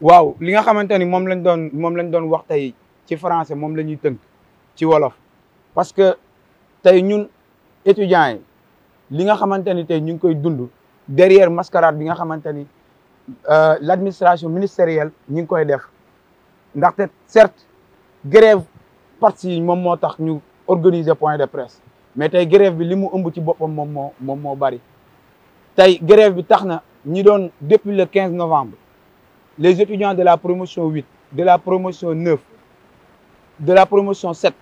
waaw li nga xamante ni moom lañ doon moom lañ doon wax tey ci français moom la ñuy tënk ci wolof parce que tey ñun étudiants yi li nga xamante ni tey ñu ngi koy dund derrière mascarade bi nga xamante ni euh, l' administration ministérielle ñu ngi koy def ndaxte certes grève parti yi moom moo tax ñu organiser point de presse mais tey grève bi li mu ëmb ci boppam moom moo moom moo bëri tey grève bi tax na ñi doon depuis le quinze novembre les étudiants de la promotion 8 de la promotion 9 de la promotion 7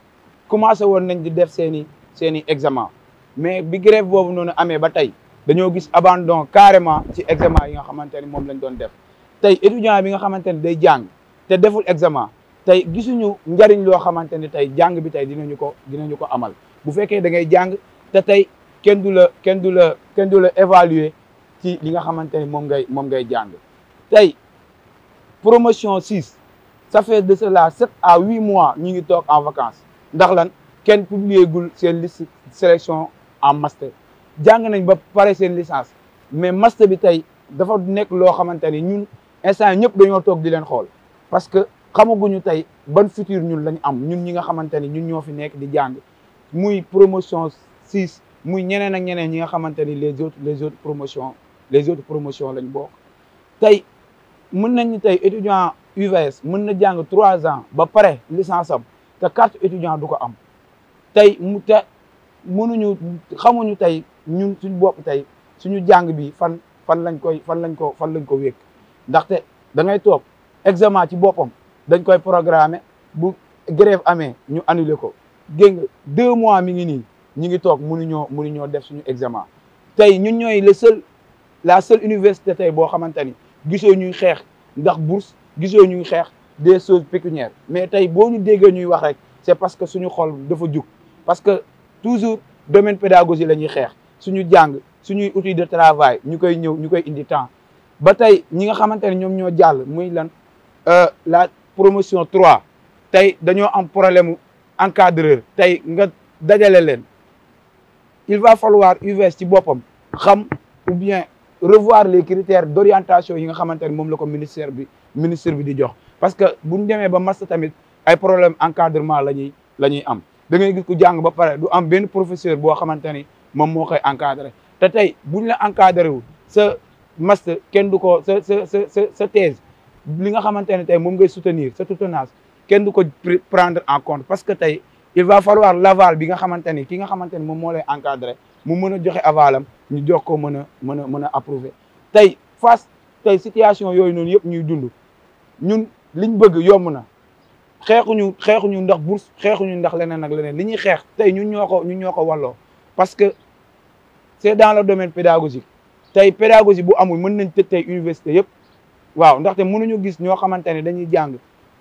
commencé woon nañ di def seeni i seen examen mais bi grève boobu noonu amee ba tey dañoo gis abandon carrément ci examen yi nga xamante ne moom lañ doon def tey étudiant bi nga xamante ne day jàng te deful examen tey gisuñu njariñ loo xamante ne tey jàng bi tey dinañu ko dinañu ko amal bu fekkee dangay ngay jàng te tey kenn du la kenn du la kenn du la évaluer ci li nga xamante ne moom ngay moom ngay jàng tey promotion 6 ça fait de cela 7 à 8 mois ñu ngi toog en vacances ndax lan kenn publier gul seen liste sélection en master jàng nañ ba pare seen licence mais master bi tey dafa nekk loo xamante ni ñun instant ñëpp dañoo toog di leen xool parce que xamaguñu tey ban futur ñun lañ am ñun ñi nga xamante ni ñun ñoo fi nekk di jàng muy promotion 6 muy ñeneen a ñeneen ñi nga xamante ni les autres les autres promotions les autres promotions lañ bokk tey mën nañ ni tey étudiant UVS mën na jàng trois ans ba pare licence am te carte étudiant du ko am tey mu te mënuñu xamuñu tey ñun suñu bopp tey suñu jàng bi fan fan lañ koy fan lañ ko fan lañ ko wékk ndaxte da ngay toog examen ci boppam dañ koy programme bu grève amee ñu annuler ko géng deux mois mi ngi nii ñi ngi toog mënuñoo mënuñoo def suñu examen tey ñun ñooy la seule université tey boo xamante ni gisoo ñuy xeex ndax bourse gisoo ñuy xeex des choses pécuniaires mais tey boo ñu déggee ñuy wax rek c'est parce que suñu xol dafa jug parce que toujours domaine pédagogie la ñuy xeex suñu jàng suñuy outil de travail ñu koy ñëw ñu koy indi temps ba tey ñi nga xamante ne ñoom ñoo jàll muy lan euh, la promotion trois tey dañoo am problème encadreur tey nga dajale leen il va falloir UVS ci boppam xam ou bien revoir les critères d'orientation yi nga xamante ne moom la ko ministère bi ministre bi di jox parce que bu ñu demee ba master tamit ay problème encadrement la ñuy la ñuy am da ngay gis ku jàng ba pare du am benn professeur boo xamante ni moom moo koy encadré te tey bu ñu la encadré wu sa master kenn du ko sa sa sa thèse li nga xamante ne tey moom ngay soutenir sa soutenance kenn du ko prendre en compte parce que tey il va falloir l'aval bi nga xamante ni ki nga xamante ni moom moo lay encadré mu mën a joxe avalam ñu jox ko mën a mën a mën a approuvé tey face situation yooyu noonu yëpp ñuy dund ñun liñ bëgg yomb na xeexuñu xeexuñu ndax bourse xeexuñu ndax leneen ak leneen li ñuy xeex tey ñun ñoo ko ñun ñoo ko walloo parce que c'est dans le domaine pédagogique tey pédagogie bu amul mën nañ tëj tey université yëpp waaw ndaxte mënuñu gis ñoo xamante ne dañuy jàng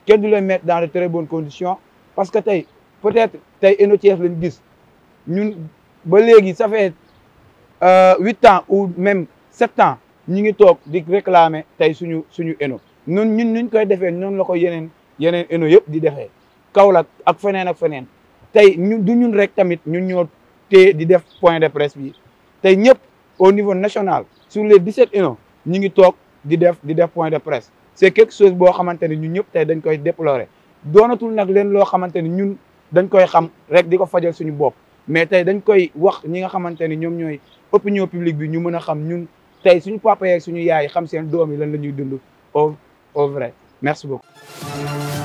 kenn du leen mettre dans de très bonnes conditions parce que tey peut-être tey Eno Thiès lañ gis ñun ba léegi ça fait euh, huit ans ou même sept ans ñu ngi toog di réclamer tey suñu suñu Eno ñun ñun ñu koy defee noonu la ko yeneen yeneen Eno yëpp di defee Kaolack ak feneen ak feneen tey ñun du ñun rek tamit ñu ñoo téye di def point de presse bi tey ñëpp au niveau national sur les 17 Eno ñu ngi toog di def di def point de presse c'est quelque chose boo xamante ne ñun ñëpp tey dañ koy déplorer doonatul nag leen loo xamante ñun dañ koy xam rek di ko fajal suñu bopp mais tey dañ koy wax ñi nga xamante ni ñoom ñooy opinion publique bi ñu mën a xam ñun tey suñu papa yeeg suñu yaay xam seen doom yi lan la ñuy dund au au vrai merci beaucoup